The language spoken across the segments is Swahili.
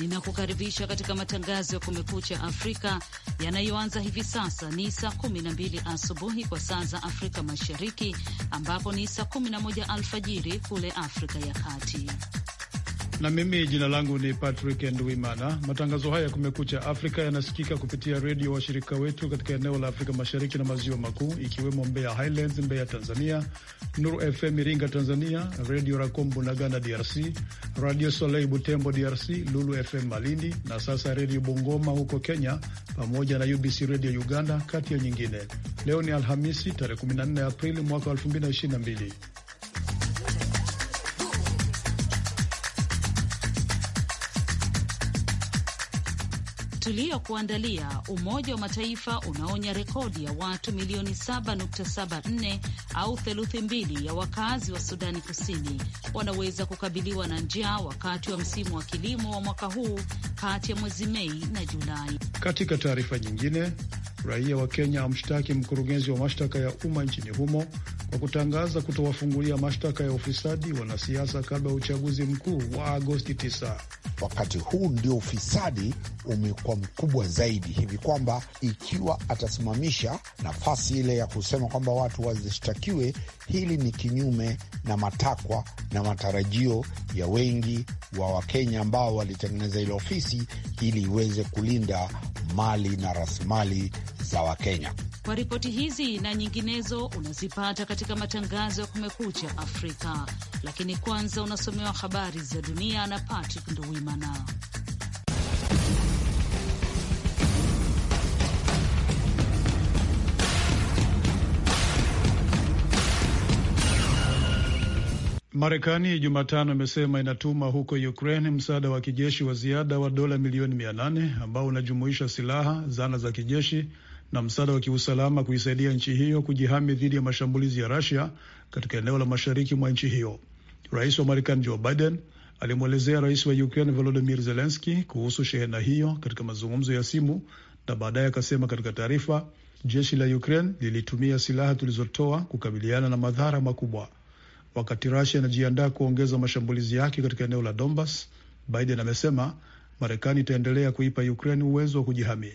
Ninakukaribisha katika matangazo ya Kumekucha Afrika yanayoanza hivi sasa. Ni saa 12 asubuhi kwa saa za Afrika Mashariki, ambapo ni saa 11 alfajiri kule Afrika ya Kati na mimi jina langu ni Patrick Nduimana. Matangazo haya ya Kumekucha Afrika yanasikika kupitia redio washirika wetu katika eneo la Afrika Mashariki na Maziwa Makuu, ikiwemo Mbeya Highlands Mbeya Tanzania, Nuru FM Iringa Tanzania, Redio Racom Bunagana DRC, Radio Soleil Butembo DRC, Lulu FM Malindi na sasa Redio Bungoma huko Kenya, pamoja na UBC Redio Uganda, kati ya nyingine. Leo ni Alhamisi tarehe 14 Aprili mwaka 2022. tuliyokuandalia, Umoja wa Mataifa unaonya rekodi ya watu milioni 7.74 au theluthi mbili ya wakazi wa Sudani Kusini wanaweza kukabiliwa na njaa wakati wa msimu wa kilimo wa mwaka huu kati ya mwezi Mei na Julai. Katika taarifa nyingine, raia wa Kenya amshtaki mkurugenzi wa mashtaka ya umma nchini humo kwa kutangaza kutowafungulia mashtaka ya ufisadi wanasiasa kabla ya uchaguzi mkuu wa Agosti 9. Wakati huu ndio ufisadi umekuwa mkubwa zaidi hivi kwamba ikiwa atasimamisha nafasi ile ya kusema kwamba watu wazishtaki ifanikiwe, hili ni kinyume na matakwa na matarajio ya wengi wa Wakenya ambao walitengeneza ile ofisi ili iweze kulinda mali na rasilimali za Wakenya. Kwa ripoti hizi na nyinginezo unazipata katika matangazo ya Kumekucha Afrika, lakini kwanza unasomewa habari za dunia na Patrick Nduwimana. Marekani Jumatano imesema inatuma huko Ukraine msaada wa kijeshi wa ziada wa dola milioni mia nane ambao unajumuisha silaha, zana za kijeshi na msaada wa kiusalama kuisaidia nchi hiyo kujihami dhidi ya mashambulizi ya Russia katika eneo la mashariki mwa nchi hiyo. Rais wa Marekani Joe Biden alimwelezea rais wa Ukraine Volodymyr Zelensky kuhusu shehena hiyo katika mazungumzo ya simu, na baadaye akasema katika taarifa, jeshi la Ukraine lilitumia silaha tulizotoa kukabiliana na madhara makubwa. Wakati Russia inajiandaa kuongeza mashambulizi yake katika eneo la Donbas, Biden amesema Marekani itaendelea kuipa Ukraine uwezo wa kujihami.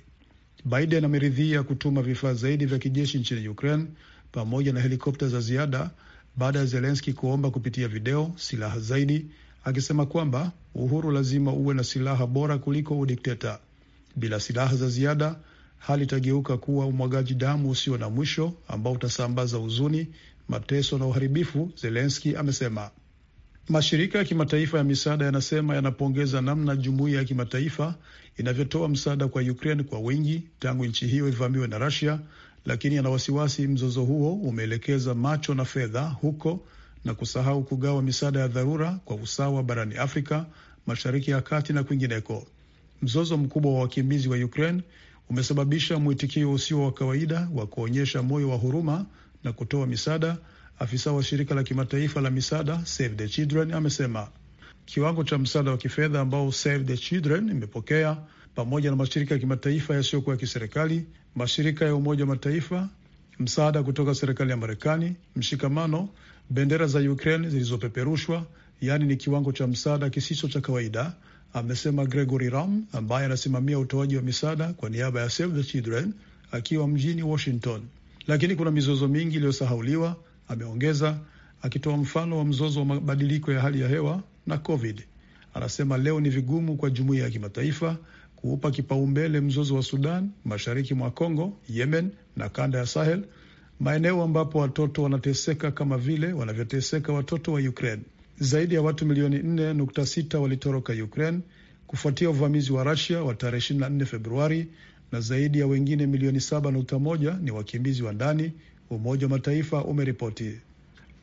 Biden ameridhia kutuma vifaa zaidi vya kijeshi nchini Ukraine pamoja na helikopta za ziada baada ya Zelenski kuomba kupitia video silaha zaidi, akisema kwamba uhuru lazima uwe na silaha bora kuliko udikteta. Bila silaha za ziada, hali itageuka kuwa umwagaji damu usio na mwisho ambao utasambaza huzuni, mateso na uharibifu, Zelenski amesema. Mashirika ya kimataifa ya misaada yanasema yanapongeza namna jumuiya ya kimataifa inavyotoa msaada kwa Ukraine kwa wingi tangu nchi hiyo ivamiwe na Russia, lakini yana wasiwasi mzozo huo umeelekeza macho na fedha huko na kusahau kugawa misaada ya dharura kwa usawa barani Afrika, Mashariki ya Kati na kwingineko. Mzozo mkubwa wa wakimbizi wa Ukraine umesababisha mwitikio usio wa kawaida wa kuonyesha moyo wa huruma na kutoa misaada, afisa wa shirika la kimataifa la misaada Save the Children amesema kiwango cha msaada wa kifedha ambao Save the Children imepokea pamoja na mashirika ya kimataifa yasiyokuwa ya kiserikali, mashirika ya Umoja wa Mataifa, msaada kutoka serikali ya Marekani, mshikamano, bendera za Ukraine zilizopeperushwa, yaani ni kiwango cha msaada kisicho cha kawaida, amesema Gregory Ram ambaye anasimamia utoaji wa misaada kwa niaba ya Save the Children akiwa mjini Washington lakini kuna mizozo mingi iliyosahauliwa, ameongeza akitoa mfano wa mzozo wa mabadiliko ya hali ya hewa na COVID. Anasema leo ni vigumu kwa jumuiya ya kimataifa kuupa kipaumbele mzozo wa Sudan, mashariki mwa congo Yemen na kanda ya Sahel, maeneo ambapo watoto wanateseka kama vile wanavyoteseka watoto wa Ukraine. Zaidi ya watu milioni 4.6 walitoroka Ukraine kufuatia uvamizi wa Rusia wa tarehe 24 Februari na zaidi ya wengine milioni 7.1 ni wakimbizi wa ndani, Umoja wa Mataifa umeripoti.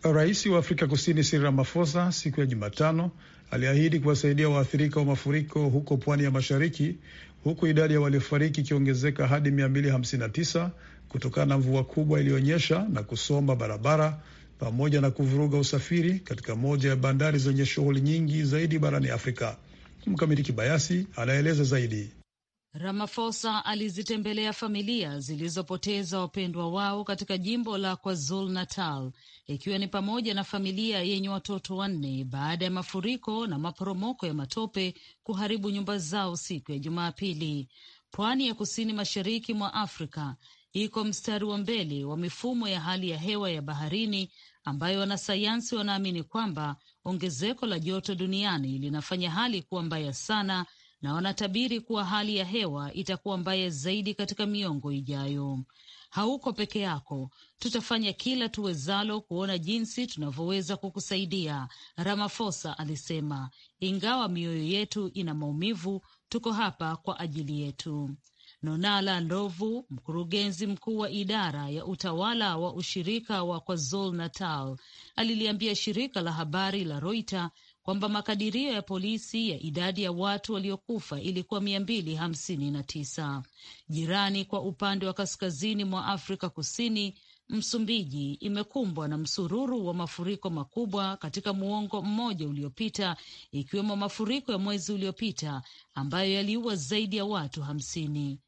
Rais wa Afrika Kusini Cyril Ramaphosa siku ya Jumatano aliahidi kuwasaidia waathirika wa mafuriko huko pwani ya mashariki, huku idadi ya waliofariki ikiongezeka hadi 259 kutokana na mvua kubwa iliyonyesha na kusomba barabara pamoja na kuvuruga usafiri katika moja ya bandari zenye shughuli nyingi zaidi barani Afrika. Mkamiti Kibayasi anaeleza zaidi. Ramaphosa alizitembelea familia zilizopoteza wapendwa wao katika jimbo la KwaZulu Natal, ikiwa ni pamoja na familia yenye watoto wanne baada ya mafuriko na maporomoko ya matope kuharibu nyumba zao siku ya Jumapili. Pwani ya kusini mashariki mwa Afrika iko mstari wa mbele wa mifumo ya hali ya hewa ya baharini ambayo wanasayansi wanaamini kwamba ongezeko la joto duniani linafanya hali kuwa mbaya sana na wanatabiri kuwa hali ya hewa itakuwa mbaya zaidi katika miongo ijayo. Hauko peke yako, tutafanya kila tuwezalo kuona jinsi tunavyoweza kukusaidia, Ramaphosa alisema. Ingawa mioyo yetu ina maumivu, tuko hapa kwa ajili yetu. Nonala Ndovu, mkurugenzi mkuu wa idara ya utawala wa ushirika wa KwaZulu Natal, aliliambia shirika la habari la Reuters kwamba makadirio ya polisi ya idadi ya watu waliokufa ilikuwa mia mbili hamsini na tisa. Jirani kwa upande wa kaskazini mwa Afrika Kusini, Msumbiji imekumbwa na msururu wa mafuriko makubwa katika muongo mmoja uliopita, ikiwemo mafuriko ya mwezi uliopita ambayo yaliua zaidi ya watu hamsini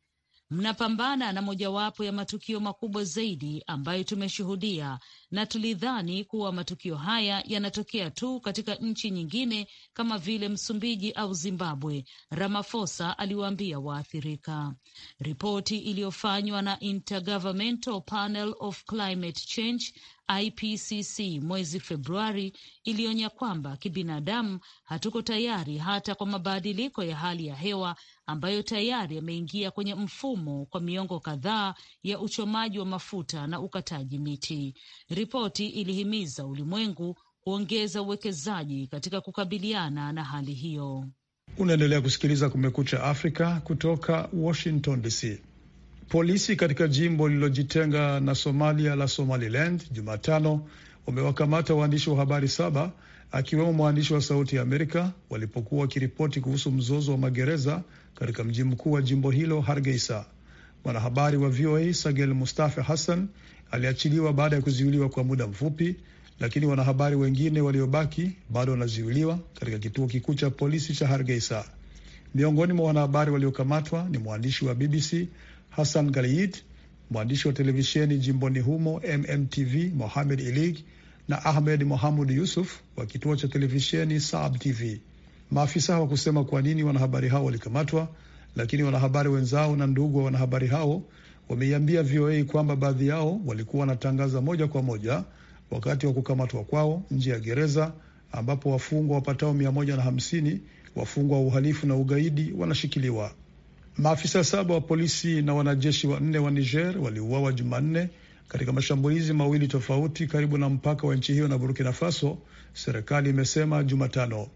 mnapambana na mojawapo ya matukio makubwa zaidi ambayo tumeshuhudia, na tulidhani kuwa matukio haya yanatokea tu katika nchi nyingine kama vile Msumbiji au Zimbabwe, Ramaphosa aliwaambia waathirika. Ripoti iliyofanywa na Intergovernmental Panel of Climate Change IPCC mwezi Februari ilionya kwamba kibinadamu hatuko tayari hata kwa mabadiliko ya hali ya hewa ambayo tayari yameingia kwenye mfumo kwa miongo kadhaa ya uchomaji wa mafuta na ukataji miti. Ripoti ilihimiza ulimwengu kuongeza uwekezaji katika kukabiliana na hali hiyo. Unaendelea kusikiliza Kumekucha Afrika kutoka Washington DC. Polisi katika jimbo lililojitenga na Somalia la Somaliland Jumatano wamewakamata waandishi wa habari saba akiwemo mwandishi wa Sauti ya Amerika walipokuwa wakiripoti kuhusu mzozo wa magereza katika mji mkuu wa jimbo hilo Hargeisa. Mwanahabari wa VOA Sagel Mustafa Hassan aliachiliwa baada ya kuzuiliwa kwa muda mfupi, lakini wanahabari wengine waliobaki bado wanazuiliwa katika kituo kikuu cha polisi cha Hargeisa. Miongoni mwa wanahabari waliokamatwa ni mwandishi wa BBC Hassan galiid mwandishi wa televisheni jimboni humo MMTV Mohamed Ilig na Ahmed Mohamud Yusuf wa kituo cha televisheni Saab TV. Maafisa hawakusema kwa nini wanahabari hao walikamatwa, lakini wanahabari wenzao na ndugu wa wanahabari hao wameiambia VOA kwamba baadhi yao walikuwa wanatangaza moja kwa moja wakati wa kukamatwa kwao nje ya gereza ambapo wafungwa wapatao 150 wafungwa wa uhalifu na ugaidi wanashikiliwa. Maafisa saba wa polisi na wanajeshi wanne wa Niger waliuawa Jumanne katika mashambulizi mawili tofauti karibu na mpaka wa nchi hiyo na Burkina Faso, serikali imesema Jumatano.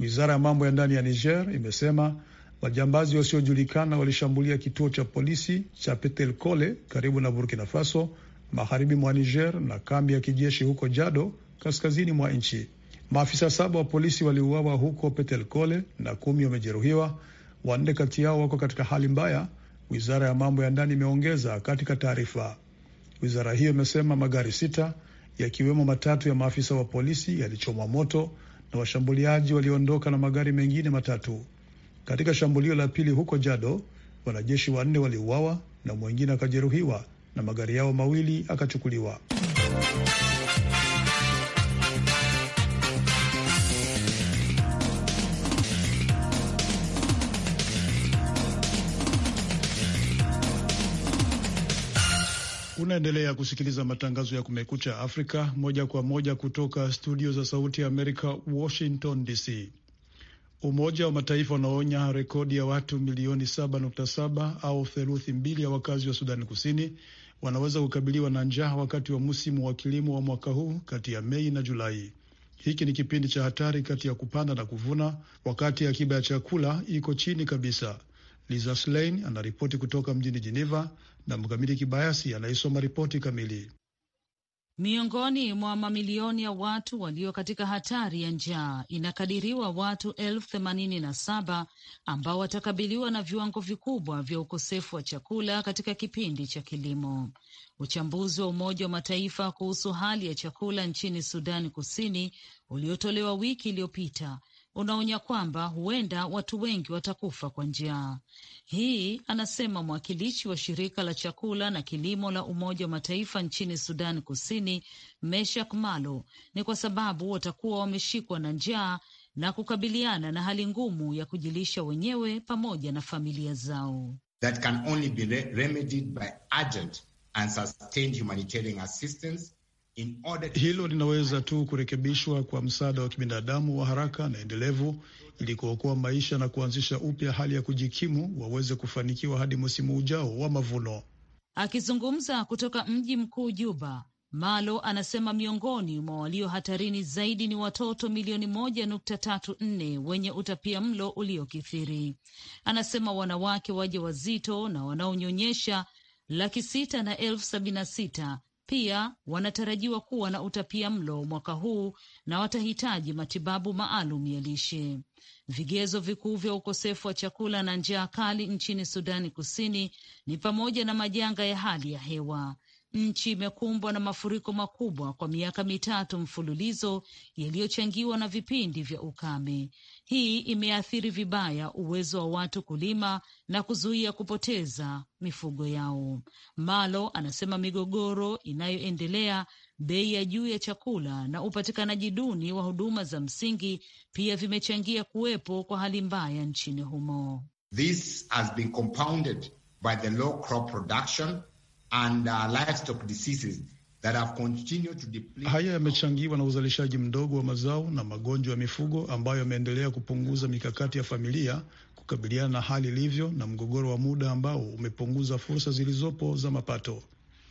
Wizara ya mambo ya ndani ya Niger imesema wajambazi wasiojulikana walishambulia kituo cha polisi cha Petelkole karibu na Burkina Faso, magharibi mwa Niger, na kambi ya kijeshi huko Jado, kaskazini mwa nchi. Maafisa saba wa polisi waliuawa huko Petelkole na kumi wamejeruhiwa Wanne kati yao wako katika hali mbaya, wizara ya mambo ya ndani imeongeza katika taarifa. Wizara hiyo imesema magari sita yakiwemo matatu ya maafisa wa polisi yalichomwa moto na washambuliaji waliondoka na magari mengine matatu. Katika shambulio la pili huko Jado, wanajeshi wanne waliuawa na mwengine akajeruhiwa na magari yao mawili akachukuliwa. Unaendelea kusikiliza matangazo ya Kumekucha Afrika moja kwa moja kutoka studio za Sauti ya Amerika, Washington DC. Umoja wa Mataifa unaonya rekodi ya watu milioni 7.7 au theluthi mbili ya wakazi wa Sudani Kusini wanaweza kukabiliwa na njaa wakati wa msimu wa kilimo wa mwaka huu kati ya Mei na Julai. Hiki ni kipindi cha hatari kati ya kupanda na kuvuna, wakati akiba ya chakula iko chini kabisa. Lisa Schlein anaripoti kutoka mjini Geneva na Mkamili Kibayasi anaisoma ripoti kamili. Miongoni mwa mamilioni ya watu walio katika hatari ya njaa inakadiriwa watu elfu themanini na saba ambao watakabiliwa na viwango vikubwa vya ukosefu wa chakula katika kipindi cha kilimo. Uchambuzi wa Umoja wa Mataifa kuhusu hali ya chakula nchini Sudani Kusini uliotolewa wiki iliyopita unaonya kwamba huenda watu wengi watakufa kwa njaa. Hii anasema mwakilishi wa shirika la chakula na kilimo la Umoja wa Mataifa nchini Sudan Kusini, Meshak Malo, ni kwa sababu watakuwa wameshikwa na njaa na kukabiliana na hali ngumu ya kujilisha wenyewe pamoja na familia zao. That can only be remedied by urgent and sustained humanitarian assistance hilo linaweza tu kurekebishwa kwa msaada wa kibinadamu wa haraka na endelevu ili kuokoa maisha na kuanzisha upya hali ya kujikimu waweze kufanikiwa hadi msimu ujao wa mavuno. Akizungumza kutoka mji mkuu Juba, Malo anasema miongoni mwa walio hatarini zaidi ni watoto milioni moja nukta tatu nne wenye utapia mlo uliokithiri. Anasema wanawake waja wazito na wanaonyonyesha laki sita na elfu sabini na sita pia wanatarajiwa kuwa na utapia mlo mwaka huu na watahitaji matibabu maalum ya lishe. Vigezo vikuu vya ukosefu wa chakula na njaa kali nchini Sudani Kusini ni pamoja na majanga ya hali ya hewa. Nchi imekumbwa na mafuriko makubwa kwa miaka mitatu mfululizo yaliyochangiwa na vipindi vya ukame. Hii imeathiri vibaya uwezo wa watu kulima na kuzuia kupoteza mifugo yao. Malo anasema migogoro inayoendelea, bei ya juu ya chakula na upatikanaji duni wa huduma za msingi pia vimechangia kuwepo kwa hali mbaya nchini humo. This has been compounded by the low crop production and, uh, livestock diseases that have continued to deplete. Haya yamechangiwa na uzalishaji mdogo wa mazao na magonjwa ya mifugo ambayo yameendelea kupunguza mikakati ya familia kukabiliana na hali ilivyo na mgogoro wa muda ambao umepunguza fursa zilizopo za mapato.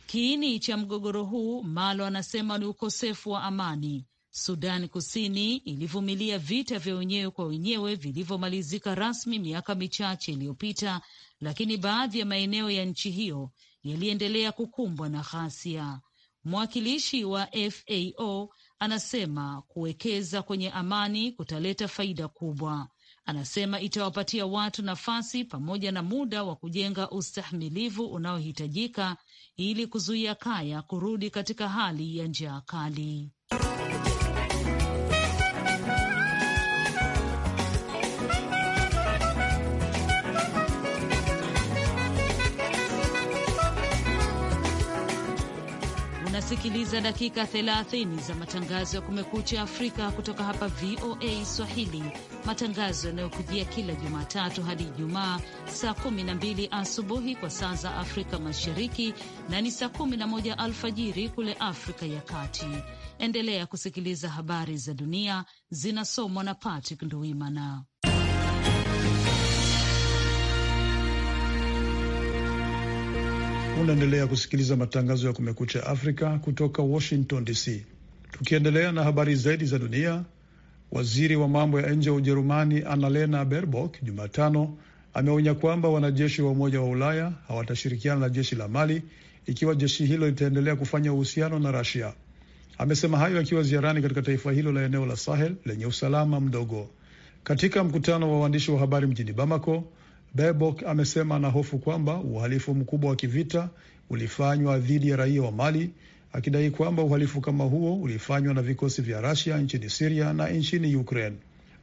Kiini cha mgogoro huu Malo anasema ni ukosefu wa amani Sudan Kusini ilivumilia vita vya wenyewe kwa wenyewe vilivyomalizika rasmi miaka michache iliyopita, lakini baadhi ya maeneo ya nchi hiyo yaliendelea kukumbwa na ghasia. Mwakilishi wa FAO anasema kuwekeza kwenye amani kutaleta faida kubwa. Anasema itawapatia watu nafasi pamoja na muda wa kujenga ustahimilivu unaohitajika ili kuzuia kaya kurudi katika hali ya njaa kali. Unasikiliza dakika 30 za matangazo ya Kumekucha Afrika kutoka hapa VOA Swahili, matangazo yanayokujia kila Jumatatu hadi Ijumaa saa 12 asubuhi kwa saa za Afrika Mashariki na ni saa 11 alfajiri kule Afrika ya Kati. Endelea kusikiliza habari za dunia zinasomwa na Patrick Nduimana. Unaendelea kusikiliza matangazo ya Kumekucha Afrika kutoka Washington DC. Tukiendelea na habari zaidi za dunia, waziri wa mambo ya nje wa Ujerumani Annalena Baerbock Jumatano ameonya kwamba wanajeshi wa Umoja wa Ulaya hawatashirikiana na jeshi la Mali ikiwa jeshi hilo litaendelea kufanya uhusiano na Rasia. Amesema hayo akiwa ziarani katika taifa hilo la eneo la Sahel lenye usalama mdogo. Katika mkutano wa waandishi wa habari mjini Bamako, Bebok amesema na hofu kwamba uhalifu mkubwa wa kivita ulifanywa dhidi ya raia wa Mali, akidai kwamba uhalifu kama huo ulifanywa na vikosi vya Rasia nchini Siria na nchini Ukraine.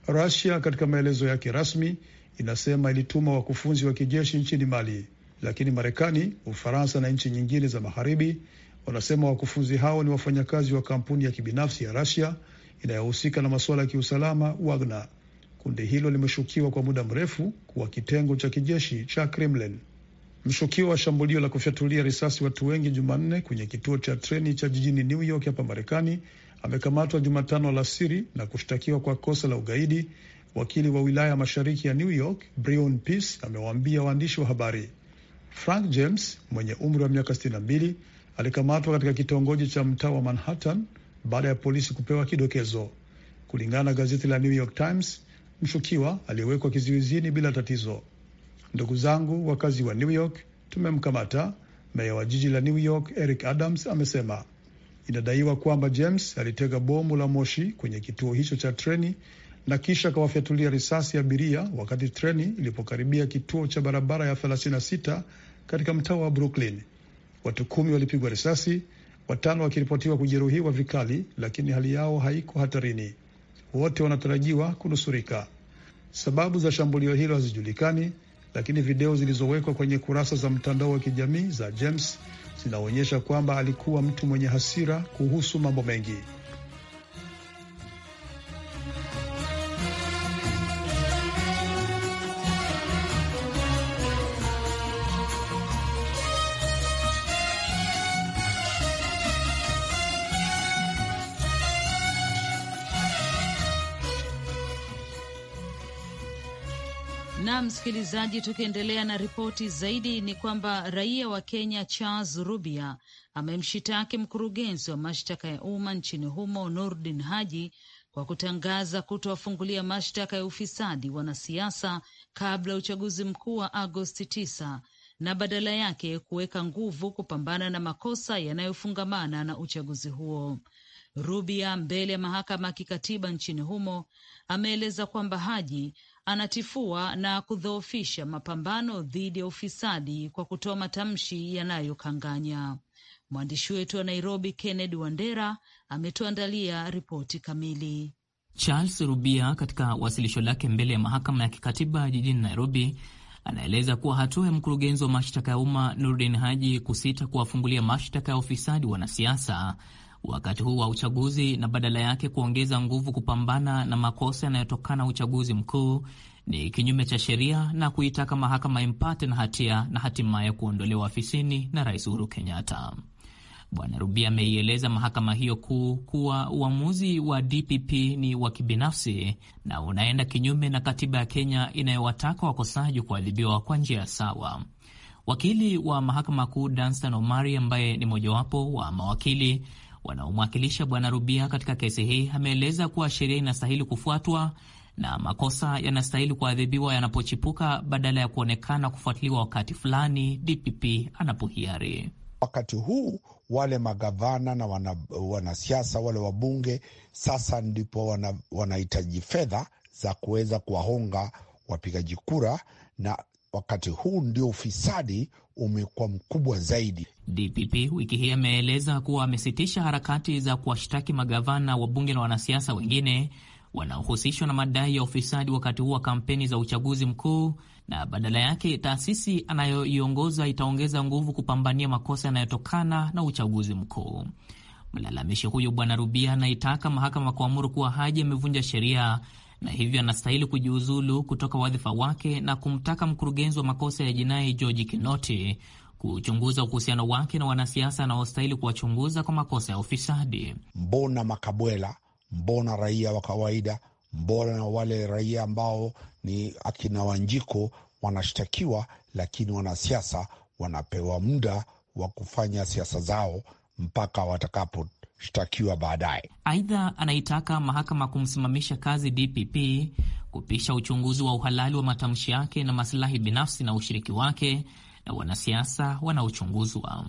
Rasia katika maelezo yake rasmi inasema ilituma wakufunzi wa kijeshi nchini Mali, lakini Marekani, Ufaransa na nchi nyingine za magharibi wanasema wakufunzi hao ni wafanyakazi wa kampuni ya kibinafsi ya Rasia inayohusika na masuala ya kiusalama Wagner. Kundi hilo limeshukiwa kwa muda mrefu kuwa kitengo cha kijeshi cha Kremlin. Mshukiwa wa shambulio la kufyatulia risasi watu wengi Jumanne kwenye kituo cha treni cha jijini New York hapa Marekani amekamatwa Jumatano alasiri na kushtakiwa kwa kosa la ugaidi. Wakili wa wilaya mashariki ya New York Brion Peace amewaambia waandishi wa habari. Frank James mwenye umri wa miaka 62 alikamatwa katika kitongoji cha mtaa wa Manhattan baada ya polisi kupewa kidokezo. Kulingana na gazeti la New York Times, mshukiwa aliyewekwa kizuizini bila tatizo. Ndugu zangu wakazi wa New York, tumemkamata, meya wa jiji la New York Eric Adams amesema. Inadaiwa kwamba James alitega bomu la moshi kwenye kituo hicho cha treni na kisha akawafyatulia risasi abiria wakati treni ilipokaribia kituo cha barabara ya 36 katika mtaa wa Brooklyn. Watu kumi walipigwa risasi, watano wakiripotiwa kujeruhiwa vikali, lakini hali yao haiko hatarini wote wanatarajiwa kunusurika. Sababu za shambulio hilo hazijulikani, lakini video zilizowekwa kwenye kurasa za mtandao wa kijamii za James zinaonyesha kwamba alikuwa mtu mwenye hasira kuhusu mambo mengi. msikilizaji, tukiendelea na ripoti zaidi ni kwamba raia wa Kenya Charles Rubia amemshitaki mkurugenzi wa mashtaka ya umma nchini humo Nordin Haji kwa kutangaza kutowafungulia mashtaka ya ufisadi wanasiasa kabla ya uchaguzi mkuu wa Agosti 9 na badala yake kuweka nguvu kupambana na makosa yanayofungamana na uchaguzi huo. Rubia mbele ya mahakama ya kikatiba nchini humo ameeleza kwamba Haji anatifua na kudhoofisha mapambano dhidi ya ufisadi kwa kutoa matamshi yanayokanganya. Mwandishi wetu wa Nairobi, Kennedy Wandera, ametuandalia ripoti kamili. Charles Rubia, katika wasilisho lake mbele ya mahakama ya kikatiba jijini Nairobi, anaeleza kuwa hatua ya mkurugenzi wa mashtaka ya umma Nurdin Haji kusita kuwafungulia mashtaka ya ufisadi wanasiasa wakati huu wa uchaguzi na badala yake kuongeza nguvu kupambana na makosa yanayotokana uchaguzi mkuu ni kinyume cha sheria na kuitaka mahakama impate na hatia na hatimaye kuondolewa afisini na Rais Uhuru Kenyatta. Bwana Rubia ameieleza mahakama hiyo kuu kuwa uamuzi wa DPP ni wa kibinafsi na unaenda kinyume na katiba ya Kenya inayowataka wakosaji kuadhibiwa kwa njia sawa. Wakili wa mahakama kuu Danstan Omari, ambaye ni mojawapo wa mawakili wanaomwakilisha Bwana Rubia katika kesi hii ameeleza kuwa sheria inastahili kufuatwa na makosa yanastahili kuadhibiwa yanapochipuka badala ya kuonekana kufuatiliwa wakati fulani DPP anapohiari. Wakati huu wale magavana na wana, wanasiasa wale wabunge sasa ndipo wanahitaji wana fedha za kuweza kuwahonga wapigaji kura na wakati huu ndio ufisadi umekuwa mkubwa zaidi. DPP wiki hii ameeleza kuwa amesitisha harakati za kuwashtaki magavana wa bunge na wanasiasa wengine wanaohusishwa na madai ya ufisadi wakati huu wa kampeni za uchaguzi mkuu, na badala yake taasisi anayoiongoza itaongeza nguvu kupambania makosa yanayotokana na uchaguzi mkuu. Mlalamishi huyu Bwana Rubia anaitaka mahakama kuamuru kuwa Haji amevunja sheria na hivyo anastahili kujiuzulu kutoka wadhifa wake na kumtaka mkurugenzi wa makosa ya jinai George Kinoti kuchunguza uhusiano wake na wanasiasa anaostahili kuwachunguza kwa makosa ya ufisadi. Mbona makabwela, mbona raia wa kawaida, mbona wale raia ambao ni akina Wanjiko wanashtakiwa, lakini wanasiasa wanapewa muda wa kufanya siasa zao mpaka watakapo kushtakiwa baadaye. Aidha, anaitaka mahakama kumsimamisha kazi DPP kupisha uchunguzi wa uhalali wa matamshi yake na masilahi binafsi na ushiriki wake na wanasiasa wanaochunguzwa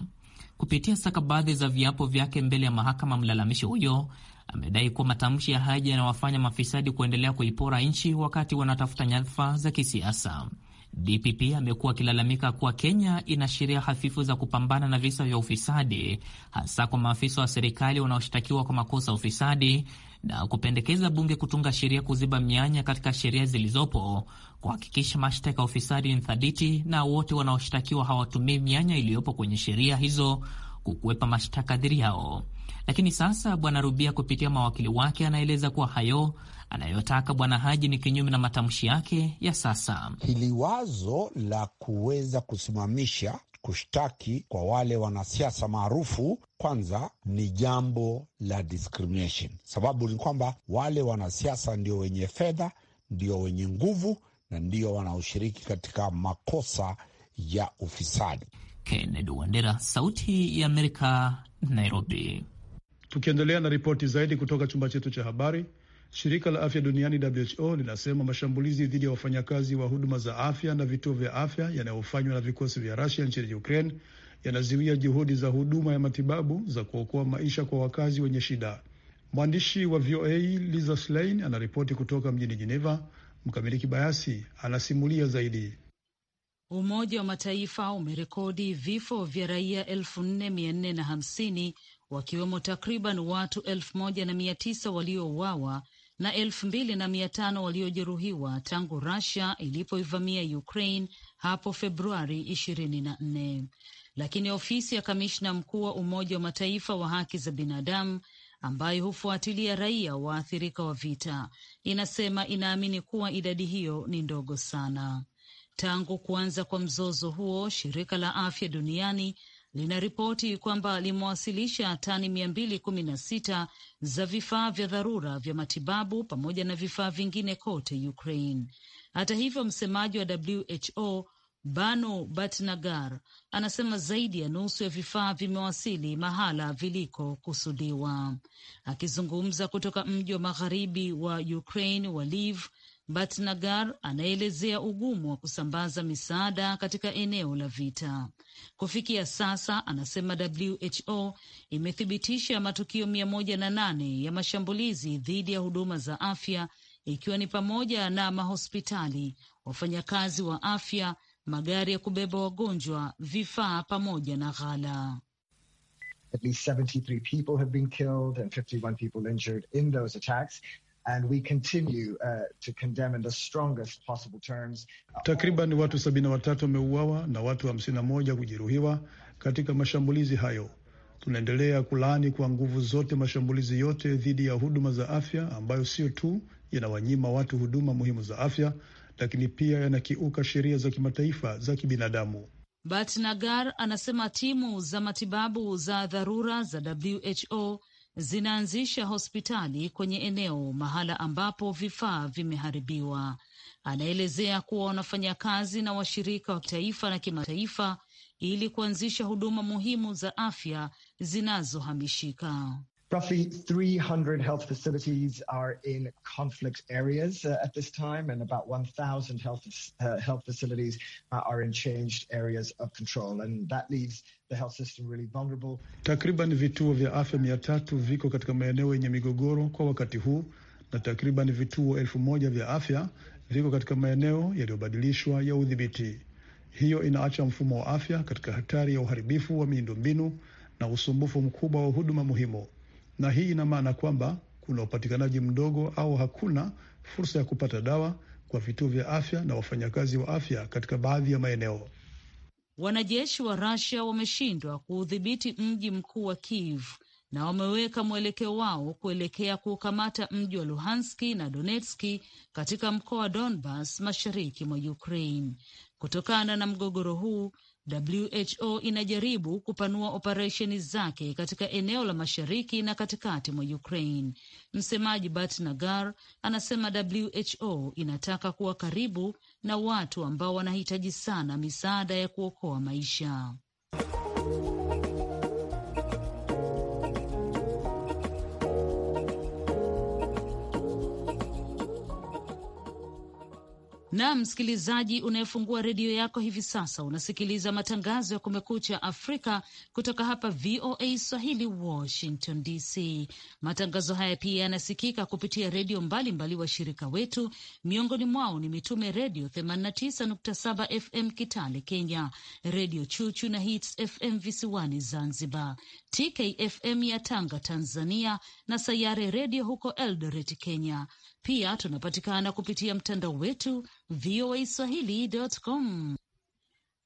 kupitia sakabadhi za viapo vyake mbele ya mahakama. Mlalamishi huyo amedai kuwa matamshi ya haja yanawafanya mafisadi kuendelea kuipora nchi wakati wanatafuta nyadhifa za kisiasa. DPP amekuwa akilalamika kuwa Kenya ina sheria hafifu za kupambana na visa vya ufisadi, hasa kwa maafisa wa serikali wanaoshtakiwa kwa makosa ya ufisadi na kupendekeza bunge kutunga sheria kuziba mianya katika sheria zilizopo kuhakikisha mashtaka ya ufisadi ni thabiti na wote wanaoshtakiwa hawatumii mianya iliyopo kwenye sheria hizo kukwepa mashtaka dhidi yao. Lakini sasa Bwana Rubia kupitia mawakili wake anaeleza kuwa hayo anayotaka Bwana Haji ni kinyume na matamshi yake ya sasa. Hili wazo la kuweza kusimamisha kushtaki kwa wale wanasiasa maarufu kwanza ni jambo la discrimination. Sababu ni kwamba wale wanasiasa ndio wenye fedha, ndio wenye nguvu na ndio wanaoshiriki katika makosa ya ufisadi. Kennedy Wandera, Sauti ya Amerika, Nairobi. Tukiendelea na ripoti zaidi kutoka chumba chetu cha habari. Shirika la afya duniani WHO linasema mashambulizi dhidi ya wafanyakazi wa huduma za afya na vituo vya afya yanayofanywa na vikosi vya Rusia nchini Ukraine yanazuia juhudi za huduma ya matibabu za kuokoa maisha kwa wakazi wenye shida. Mwandishi wa VOA Lisa Schlein anaripoti kutoka mjini Geneva. Mkamili Kibayasi anasimulia zaidi. Umoja wa Mataifa umerekodi vifo vya raia elfu nne mia nne na hamsini wakiwemo takriban watu elfu moja na mia tisa waliouawa na elfu mbili na mia tano waliojeruhiwa tangu rasia ilipoivamia Ukraine hapo Februari ishirini na nne, lakini ofisi ya kamishna mkuu wa Umoja wa Mataifa wa haki za binadamu ambayo hufuatilia raia waathirika wa vita inasema inaamini kuwa idadi hiyo ni ndogo sana. Tangu kuanza kwa mzozo huo, shirika la afya duniani linaripoti kwamba limewasilisha tani mia mbili kumi na sita za vifaa vya dharura vya matibabu pamoja na vifaa vingine kote Ukraine. Hata hivyo, msemaji wa WHO Banu Batnagar anasema zaidi ya nusu ya vifaa vimewasili mahala vilikokusudiwa. Akizungumza kutoka mji wa magharibi wa Ukraine wa Lviv, Batnagar anaelezea ugumu wa kusambaza misaada katika eneo la vita. Kufikia sasa, anasema WHO imethibitisha matukio mia moja na nane ya mashambulizi dhidi ya huduma za afya, ikiwa ni pamoja na mahospitali, wafanyakazi wa afya, magari ya kubeba wagonjwa, vifaa pamoja na ghala. At least 73 people have been killed and 51 people injured in those attacks. Uh, Takriban watu 73 wameuawa na watu 51 kujeruhiwa katika mashambulizi hayo. Tunaendelea kulaani kwa nguvu zote mashambulizi yote dhidi ya huduma za afya ambayo sio tu yanawanyima watu huduma muhimu za afya, lakini pia yanakiuka sheria za kimataifa za kibinadamu. Batnagar anasema timu za matibabu za dharura za WHO zinaanzisha hospitali kwenye eneo mahala ambapo vifaa vimeharibiwa. Anaelezea kuwa wanafanya kazi na washirika wa taifa na kimataifa ili kuanzisha huduma muhimu za afya zinazohamishika. Roughly 300 health facilities are in conflict areas uh, at this time, and about 1,000 health, uh, health facilities uh, are in changed areas of control, and that leaves the health system really vulnerable. Takriban vituo vya afya mia tatu viko katika maeneo yenye migogoro kwa wakati huu na takriban vituo elfu moja vya afya viko katika maeneo yaliyobadilishwa ya udhibiti. Hiyo inaacha mfumo wa afya katika hatari ya uharibifu wa miundombinu na usumbufu mkubwa wa huduma muhimu. na hii ina maana kwamba kuna upatikanaji mdogo au hakuna fursa ya kupata dawa kwa vituo vya afya na wafanyakazi wa afya katika baadhi ya maeneo. Wanajeshi wa Russia wameshindwa kuudhibiti mji mkuu wa Kiev na wameweka mwelekeo wao kuelekea kuukamata mji wa Luhanski na Donetski katika mkoa wa Donbas mashariki mwa Ukraine. Kutokana na mgogoro huu, WHO inajaribu kupanua operesheni zake katika eneo la mashariki na katikati mwa Ukraine. Msemaji Bat Nagar anasema WHO inataka kuwa karibu na watu ambao wanahitaji sana misaada ya kuokoa maisha. na msikilizaji unayefungua redio yako hivi sasa, unasikiliza matangazo ya Kumekucha Afrika kutoka hapa VOA Swahili, Washington DC. Matangazo haya pia yanasikika kupitia redio mbalimbali washirika wetu, miongoni mwao ni Mitume Redio 89.7 FM Kitale Kenya, Redio Chuchu na Hits FM visiwani Zanzibar, TKFM ya Tanga Tanzania, na Sayare Redio huko Eldoret Kenya. Pia tunapatikana kupitia mtandao wetu VOA Swahili.com.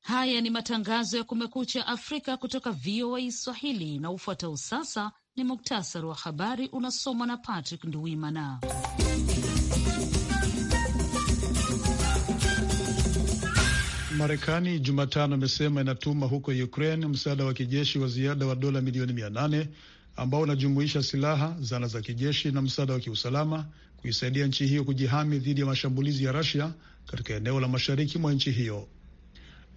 Haya ni matangazo ya Kumekucha Afrika kutoka VOA Swahili, na ufuatao sasa ni muktasari wa habari unasomwa na Patrick Nduwimana. Marekani Jumatano imesema inatuma huko Ukraine msaada wa kijeshi wa ziada wa dola milioni mia nane ambao unajumuisha silaha, zana za kijeshi na msaada wa kiusalama kuisaidia nchi hiyo kujihami dhidi ya mashambulizi ya Russia katika eneo la mashariki mwa nchi hiyo.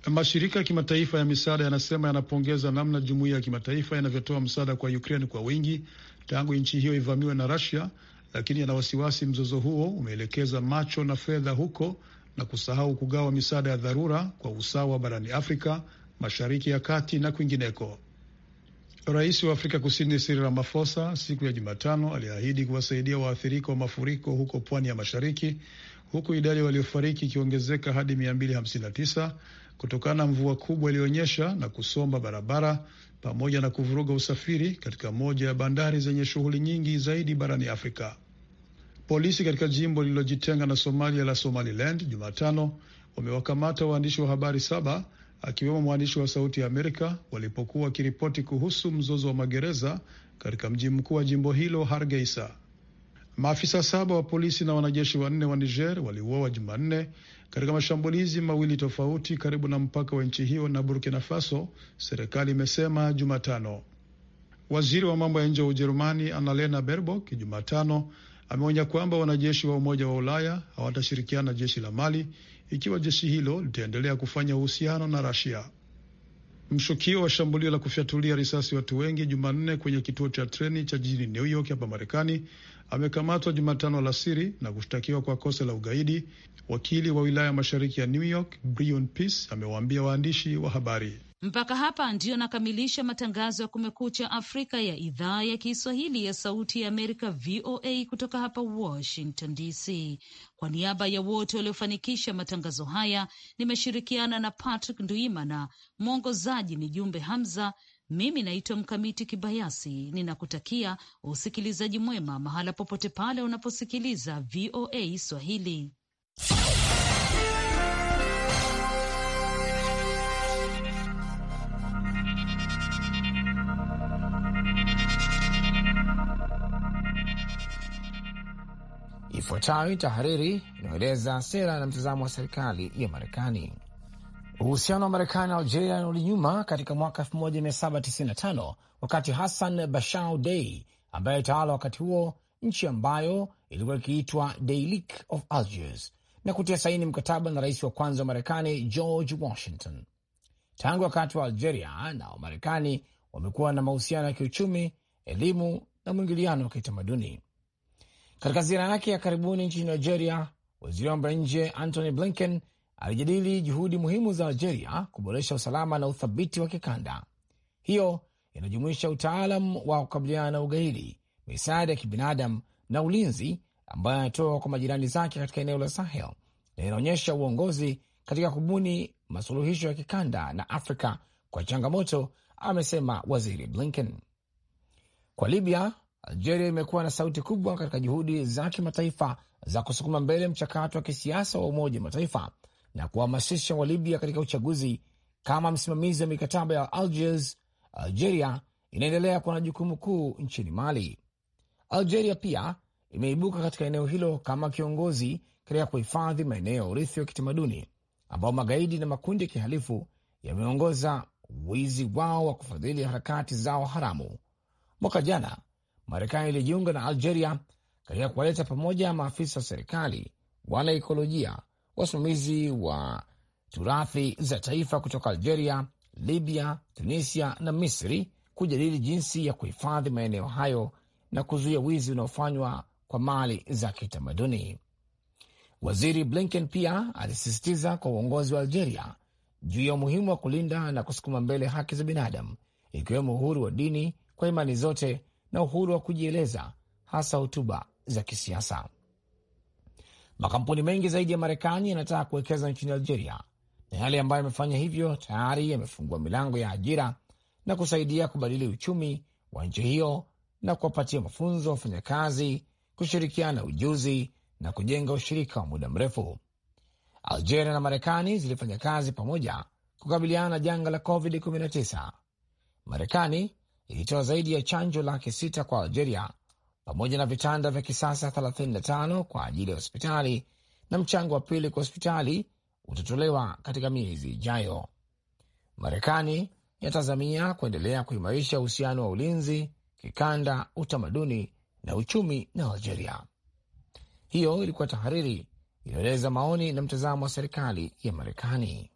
Mashirika ya kimataifa ya misaada yanasema yanapongeza namna jumuiya ya kimataifa yanavyotoa msaada kwa Ukraine kwa wingi tangu nchi hiyo ivamiwe na Russia, lakini yana wasiwasi mzozo huo umeelekeza macho na fedha huko na kusahau kugawa misaada ya dharura kwa usawa barani Afrika, Mashariki ya Kati na kwingineko. Rais wa Afrika Kusini Cyril Ramaphosa siku ya Jumatano aliahidi kuwasaidia waathirika wa mafuriko huko pwani ya mashariki, huku idadi waliofariki ikiongezeka hadi 259 kutokana na mvua kubwa iliyoonyesha na kusomba barabara pamoja na kuvuruga usafiri katika moja ya bandari zenye shughuli nyingi zaidi barani Afrika. Polisi katika jimbo lililojitenga na Somalia la Somaliland Jumatano wamewakamata waandishi wa habari saba akiwemo mwandishi wa Sauti ya Amerika walipokuwa wakiripoti kuhusu mzozo wa magereza katika mji mkuu wa jimbo hilo Hargeisa. Maafisa saba wa polisi na wanajeshi wanne wa Niger waliuawa Jumanne katika mashambulizi mawili tofauti karibu na mpaka wa nchi hiyo na Burkina Faso, serikali imesema Jumatano. Waziri wa mambo ya nje wa Ujerumani Annalena Baerbock Jumatano ameonya kwamba wanajeshi wa Umoja wa Ulaya hawatashirikiana na jeshi la Mali ikiwa jeshi hilo litaendelea kufanya uhusiano na Rasia. Mshukio wa shambulio la kufyatulia risasi watu wengi Jumanne kwenye kituo cha treni cha jijini New York hapa Marekani amekamatwa Jumatano alasiri na kushtakiwa kwa kosa la ugaidi. Wakili wa wilaya mashariki ya New York Brion Peace amewaambia waandishi wa habari. Mpaka hapa ndiyo nakamilisha matangazo ya Kumekucha Afrika ya idhaa ya Kiswahili ya Sauti ya Amerika, VOA, kutoka hapa Washington DC. Kwa niaba ya wote waliofanikisha matangazo haya, nimeshirikiana na Patrick Nduimana, mwongozaji ni Jumbe Hamza. Mimi naitwa Mkamiti Kibayasi, ninakutakia usikilizaji mwema mahala popote pale unaposikiliza VOA Swahili. Ifuatayo ni tahariri inayoeleza sera na mtazamo wa serikali ya Marekani. Uhusiano wa Marekani na Algeria nyuma katika mwaka 1795 wakati Hassan Bashau Dei ambaye alitawala wakati huo nchi ambayo ilikuwa ikiitwa Deilik of Algiers na kutia saini mkataba na rais wa kwanza wa Marekani George Washington. Tangu wakati wa Algeria na Wamarekani wamekuwa na mahusiano ya kiuchumi, elimu na mwingiliano wa kitamaduni. Katika ziara yake ya karibuni nchini Nigeria, waziri wa mambo ya nje Antony Blinken alijadili juhudi muhimu za Algeria kuboresha usalama na uthabiti wa kikanda. Hiyo inajumuisha utaalam wa kukabiliana na ugaidi, misaada ya kibinadamu na ulinzi ambayo anatoa kwa majirani zake katika eneo la Sahel, na inaonyesha uongozi katika kubuni masuluhisho ya kikanda na Afrika kwa changamoto, amesema waziri Blinken. Kwa Libya, Algeria imekuwa na sauti kubwa katika juhudi za kimataifa za kusukuma mbele mchakato wa kisiasa wa Umoja wa Mataifa na kuhamasisha walibia katika uchaguzi. Kama msimamizi wa mikataba ya Algiers, Algeria inaendelea kuwa na jukumu kuu nchini Mali. Algeria pia imeibuka katika eneo hilo kama kiongozi katika kuhifadhi maeneo ya urithi wa kitamaduni ambao magaidi na makundi ya kihalifu yameongoza wizi wao wa kufadhili harakati zao haramu. Mwaka jana Marekani ilijiunga na Algeria katika kuwaleta pamoja maafisa wa serikali, wanaikolojia, wasimamizi wa turathi za taifa kutoka Algeria, Libya, Tunisia na Misri kujadili jinsi ya kuhifadhi maeneo hayo na kuzuia wizi unaofanywa kwa mali za kitamaduni. Waziri Blinken pia alisisitiza kwa uongozi wa Algeria juu ya umuhimu wa kulinda na kusukuma mbele haki za binadamu, ikiwemo uhuru wa dini kwa imani zote na uhuru wa kujieleza, hasa hotuba za kisiasa. Makampuni mengi zaidi ya Marekani yanataka kuwekeza nchini Algeria, na yale ambayo yamefanya hivyo tayari yamefungua milango ya ajira na kusaidia kubadili uchumi wa nchi hiyo na kuwapatia mafunzo wafanyakazi, kushirikiana ujuzi na kujenga ushirika wa muda mrefu. Algeria na Marekani zilifanya kazi pamoja kukabiliana na janga la COVID-19. Marekani ilitoa zaidi ya chanjo laki sita kwa Algeria pamoja na vitanda vya kisasa 35 kwa ajili ya hospitali na mchango wa pili kwa hospitali utatolewa katika miezi ijayo. Marekani inatazamia kuendelea kuimarisha uhusiano wa ulinzi, kikanda, utamaduni na uchumi na Algeria. Hiyo ilikuwa tahariri, inaeleza maoni na mtazamo wa serikali ya Marekani.